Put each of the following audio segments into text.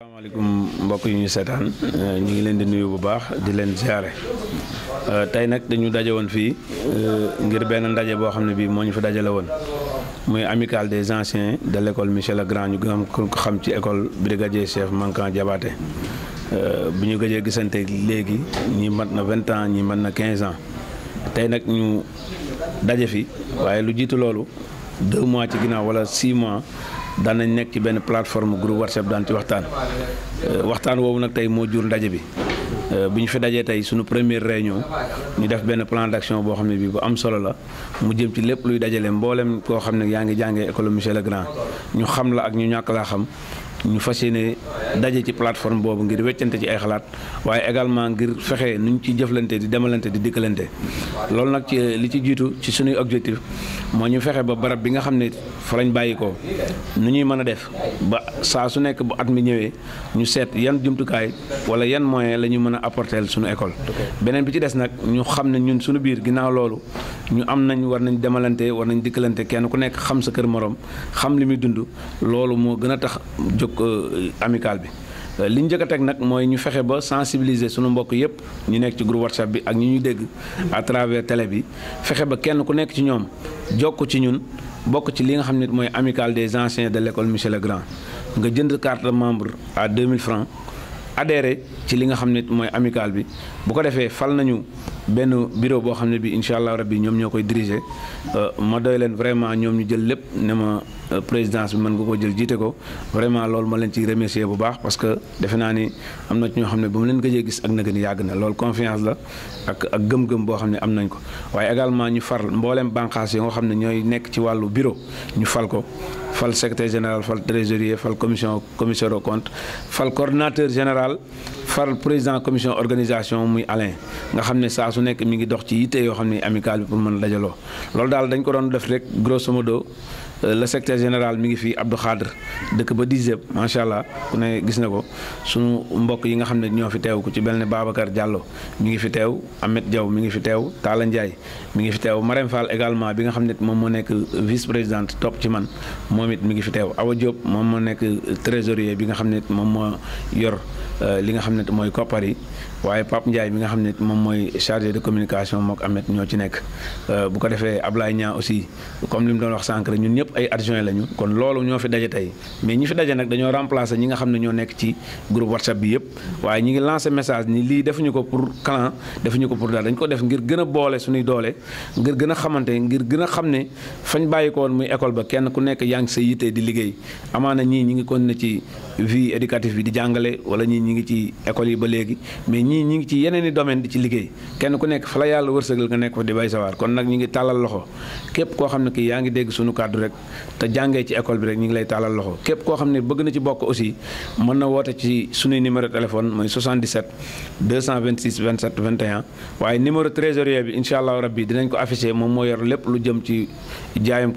asalaamaaleykum mbokk yi ñu seetaan euh, ñu ngi leen di nuyu bu baax di leen ziare euh, tey nag dañu daje woon fii euh, ngir benn ndaje boo xam ne bii moo ñu fa dajale woon muy amicale des anciens de lecole école Michel Legrand ñu gën ko xam ci école brigadier chef Mankan Diabaté bu ñu gëjee gisante léegi ñi mat na vingt ans ñi mat na quinze ans tey nag ñu daje fi waaye lu jiitu loolu mois ci ginnaaw wala six mois. daan nañ nekk ci benn plateforme groupe whatsapp daan ci waxtaan euh, waxtaan woowu nag tey moo jur ndaje bi euh, bu ñu fi dajee tey suñu première réunion ñu def benn plan d'action boo xam ne bii bu am solo la mu jëm ci lépp luy dajale mboolem koo xam ne yaa ngi jàngee école Michel Legrand ñu xam la ak ñu ñàkk laa xam. ñu fas yéene daje ci plateforme boobu ngir weccante ci ay xalaat waaye également ngir fexe nuñ ci jëflante di demalante di dikkalante loolu nag ci li ci jiitu ci suñuy objectif moo ñu fexe ba barab bi nga xam ne fa lañ bàyyi ko nu ñuy mën a def ba saa su nekk bu at mi ñëwee ñu seet yan jumtukaay wala yan moyen la ñu mën a apporter sunu école beneen bi ci des nag ñu xam ne ñun suñu biir ginnaaw loolu ñu am nañ war nañ demalante war nañ dikkalante kenn ku nekk xam sa kër morom xam li dund loolu moo gën a tax jóg euh, amical bi euh, li ñu a teg nag mooy ñu fexe ba sensibiliser sunu mbokk yëpp ñu nekk ci groupe whatsapp bi ak ñu ñuy dégg à travers télé bi fexe ba kenn ku nekk ci ñoom jokk ci ñun bokk ci li nga xam ne mooy amicale des anciens de l' école Michel Legrand nga jënd carte membre à 2000 francs adhéré ci li nga xam ne mooy amicale bi bu ko defee fal nañu. benn bureau boo xam ne bi incha allah rabbi ñoom ñoo koy diriger euh, ma doy leen vraiment ñoom ñu jël lépp ne ma euh, présidence bi mën nga ko jël jiite ko vraiment loolu ma leen ci remercier bu baax parce que defe naa ni am na ci ñoo xam ne ba mu leen gëjee gis ak nag ni yàgg na loolu confiance la ak gëm-gëm boo xam ne am nañ ko waaye également ñu far mbooleem bànqaas yi xam ne ñooy nekk ci wàllu bureau ñu fal ko fal secrétaire général fal trésorier fal commission commissaire aux comptes fal coordonnateur général fal président commission organisation muy Alain nga xam ne saa su nekk mi ngi dox ci yitte yoo xam ne amicale bi pour mën dajaloo loolu daal dañ ko doon def rek grosso Euh, le secteur général mi ngi fi Abdou Khadre dëkk ba dixième macha allah ku ne gis na ko sunu mbokk yi nga xam ne ñoo fi teew ku ci benn ne Babacar Diallo ngi fi teew Ahmed Diaw mi ngi fi teew Talla Ndiaye mi ngi fi teew Marème également bi nga xam ne moom moo nekk vice présidente topp ci man moom it mi ngi fi teew Awa Diop moom moo nekk trésorier bi nga xam ne moom moo yor. Euh, li nga xam ne mooy koppar yi waaye Pape Ndiaye mi nga xam ne moom mooy chargé de communication mook Ahmed ñoo ci nekk euh, bu ko defee Ablaye Niang aussi comme li mu doon wax sànq ñun ñëpp ay adjoint lañu kon loolu ñoo fi daje tey mais ñi fi daje nag dañoo remplacer ñi nga xam ne ñoo nekk ci groupe WhatsApp bi yëpp waaye ñi ngi lancé message ni lii defuñu ko pour clan defuñu ko pour daal dañ ko def ngir gën a boole suñuy doole ngir gën a xamante ngir gën a xam ne fañ bàyyi muy école ba kenn ku nekk yaa ngi sa yitte di liggéey amaana ñii ñi ngi kon na ci bi di jàngale ñi ngi ci école yi ba léegi mais ñii ñi ngi ci yeneen domaine di ci liggéey kenn ku nekk fa la yàlla wërsëgal nga nekk fa di bay sawaar kon nag ñi ngi tàllal loxo képp koo xam ne kii yaa ngi dégg suñu kàddu rek te jàngee ci école bi rek ñi ngi lay tàllal loxo képp koo xam ne bëgg na ci bokk aussi mën na woote ci suñuy numéro téléphone mooy 77 226 27 21 waaye numéro trésorier bi incha allah rabbi dinañ ko affiché moom moo yor lépp lu jëm ci jaayum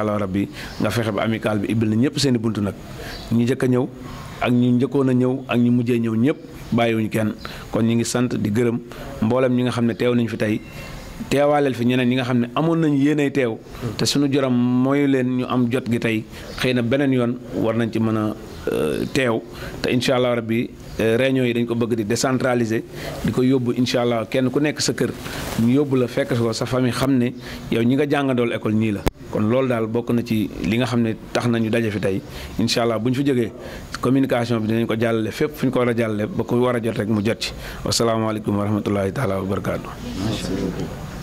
incha allah rabbi nga fexe ba amical bi ibbil na ñëpp seeni bunt nag ñi njëkk a ñëw ak ñu njëkkoon a ñëw ak ñu mujjee ñëw ñëpp bàyyiwuñu kenn kon ñu ngi sant di gërëm mboolem ñi nga xam ne teew nañ fi tey teewaaleel fi ñeneen ñi nga xam ne amoon nañ yéenay teew te suñu joram mooy leen ñu am jot gi tey xëy na beneen yoon war nañ ci mën a euh, teew te incha allah rabbi euh, réunion yi dañ ko bëgg di décentraliser di ko yóbbu incha allah kenn ku nekk sa kër ñu yóbbu la fekk ko sa famille xam ne yow ñi nga jàngandool école ñii la kon loolu daal bokk na ci li nga xam ne tax nañu daje fi tey incha allah bu ñu fi jógee communication bi dinañ ko jàllale fépp fu ñu ko war a jàllalee ba ku war a jot rek mu jot ci wasalaamaaleykum wa rahmatullahi taala wa barakaatu.